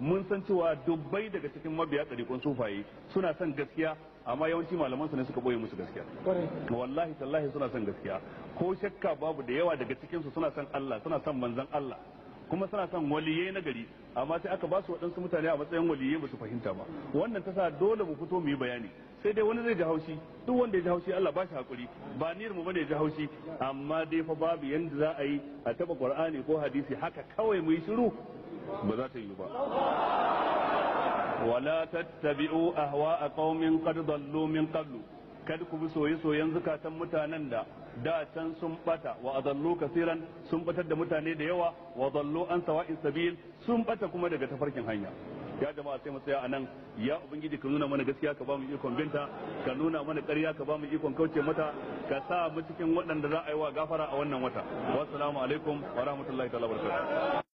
mun san cewa dubbai daga cikin mabiya ɗariƙun sufaye suna son gaskiya amma yawanci malaman su ne suka boye musu gaskiya wallahi tallahi suna son gaskiya ko shakka babu da yawa daga cikin su suna son Allah suna son manzon Allah kuma suna son waliye na gari amma sai aka ba su waɗansu mutane a matsayin waliye ba su fahimta ba wannan ta sa dole mu fito mu yi bayani sai dai wani zai ji haushi duk wanda ya ji haushi Allah ba shi hakuri ba niyyar mu bane ya ji haushi amma dai fa babu yanda za a yi a taba Qur'ani ko hadisi haka kawai mu yi shiru ba za ta yi ba wala tattabi'u ahwa'a qaumin qad dallu min qablu kada ku bi soye-soyen zukatan mutanen da da can sun bata wa adallu kasiran sun batar da mutane da yawa wa dallu an sawa'in sabil sun bata kuma daga tafarkin hanya ya jama'a sai mu tsaya anan ya ubangiji ka nuna mana gaskiya ka ba mu ikon binta ka nuna mana ƙarya ka ba mu ikon kauce mata ka sa mu cikin waɗanda za a yi wa gafara a wannan wata wassalamu alaikum wa rahmatullahi ta'ala barakatuh